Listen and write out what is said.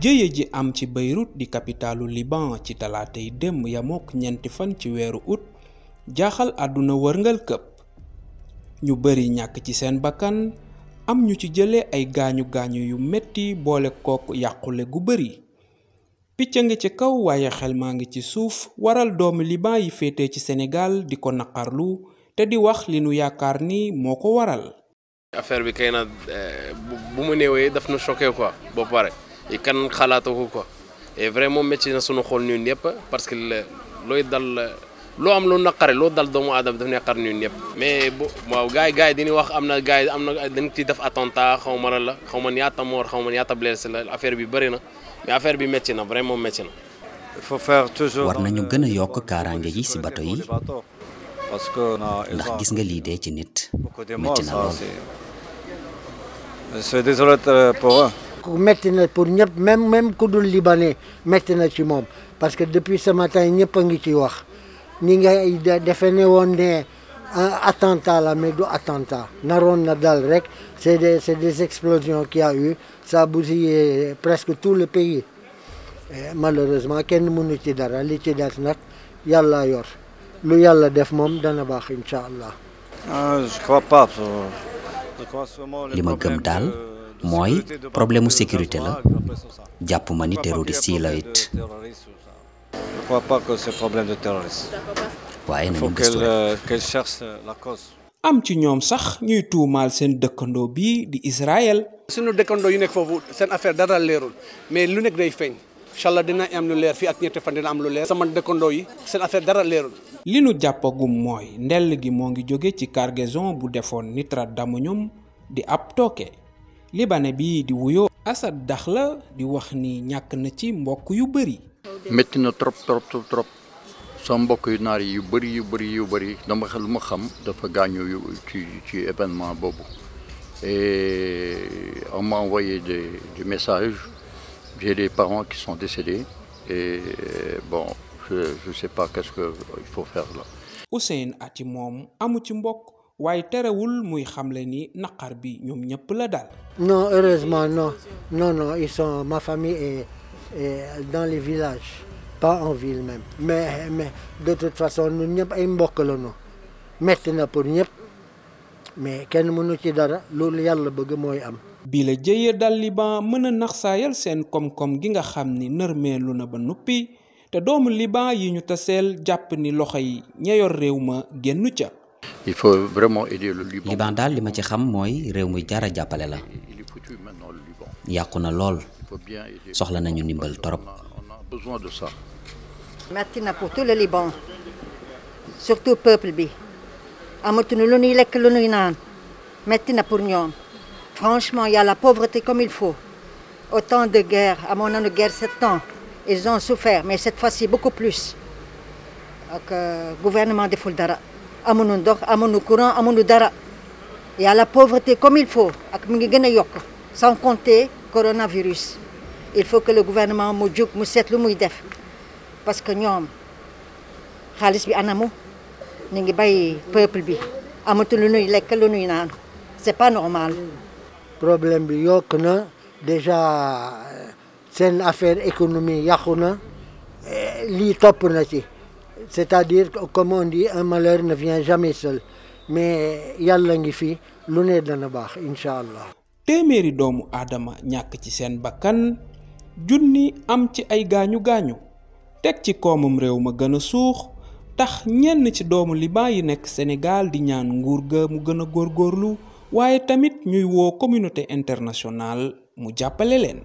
jeye ji am ci Beirut di capitalu Liban ci dem ya mok ñent fan ci weeru ut jaaxal aduna wërngal kep ñu bari ñak ci seen bakan am ñu ci jëlé ay gañu gañu yu metti boole kok yàqule gu bari picc ngi ci kaw waye xel ma ngi ci suuf waral doom Liban yi fété ci Sénégal di ko naqarlu té di wax li ñu yaakar ni moko waral affaire bi kayna eh, bu mu daf choqué quoi bo paré كان خالاتو كوكو اي فريمون ميتي نا سونو خول نيون ييب باسكو لوي دال لو ام لو نقاري لو دال دومو ادم داف نيقار نيون ييب مي بو واو غاي غاي ديني واخ امنا غاي امنا دين تي داف اتونتا خاو مارا لا خاو مان ياتا مور خاو مان ياتا بليس الافير بي برينا مي افير بي ميتي نا فريمون ميتي نا فو فير وارنا نيو يوك كارانغي سي باتو يي باسكو نا ندخ غيس metti na pour ñep même même ku dul libanais metti na ci mom parce que depuis ce matin ñep a ngi ci wax ñi nga defe ne euh, attentat la mais do attentat Naron na dal rek c'est des c'est des explosions qui a eu ça a bousillé presque tout le pays malheureusement kenn mënu ci dara li ci des nag yalla yor lu yalla def mom dana bax inshallah Ah je crois pas. crois ma gëm dal mooy problème mu sécurité la jàpp ma ni terroriste la it. problème de terroriste. waaye nañu gëstu euh, euh, am ci ñoom sax ñuy tuumaal seen dëkkandoo bii di Israël. suñu dëkkandoo yi nekk foofu seen affaire dara leerul mais lu nekk day feeñ. incha dina am lu leer fii ak ñetti fan am lu leer. sama dëkkandoo yi seen affaire dara leerul. li nu jàppagum mooy ndell gi moo ngi jóge ci cargaison bu defoon nitrate d'ammonium di ab tooke. libanais bi di wuyoo Assad Dakhla di wax ni ñak na ci mbokk yu bari metti na trop trop trop trop sama mbokk yu naari yu bari yu bari yu bari dama xel lu ma xam dafa gaañu ci ci événement bobu et on m'a envoyé des des messages j'ai des parents qui sont décédés et bon je je sais pas qu'est-ce que il faut faire là. Ousseyn Ati mom amu ci mbokk. waaye terewul muy xamle ni naqar bi ñoom ñëpp la daal. non heureusement non non non ils ma famille est, est dans les villages pas en ville même mais mais de toute façon ñun ñëpp ay mbokk la ñu metti na pour ñëpp mais kenn mënu ci dara loolu yàlla bëgg mooy am. bi la jëye dal Liban mën a naxsaayal seen koom-koom gi nga xam ni nërmeelu na ba nuppi te doomu Liban yi ñu taseel jàpp ni loxo yi ña réew ma génn ca. il faut vraiment aider le Liban. Liban daal li ma ci xam moy rew muy jara jàppale la Yakuna na lool soxla nañu nimbal torop. metti na pour tout le Liban surtout peuple bi amatuñu lu ñuy lekk lu ñuy naan pour ñoom franchement il y a la pauvreté comme il faut autant de guerres amoon nañu guerre sept ans ils ont souffert mais cette fois-ci beaucoup plus ak euh, gouvernement de Fuldara amuñu ndox amuñu courant amuñu dara y a la pauvreté comme il faut ak mi ngi sans compter coronavirus il faut que le gouvernement mu juk mu seet lu muy def parce que ñom xaliss bi anamu ñu ngi bàyyi peuple bi amatu lu nuy lek lu nuy naan c'est pas normal. problème bi yok na déjà une euh, affaire économie yàqu li top na ci. c'est-à-dire comme on dit ne vient jamais mais yàlla ngi fi lu ne dana baax incha allah. téeméeri doomu aadama ñàkk ci seen bakkan junni am ci ay gaañu gaañu teg ci koomam réew ma gën a suux tax ñenn ci doomu liban yi nekk Sénégal di ñaan nguur ga mu gën a góorgóorlu waaye tamit ñuy woo communauté internationale mu jàppale leen.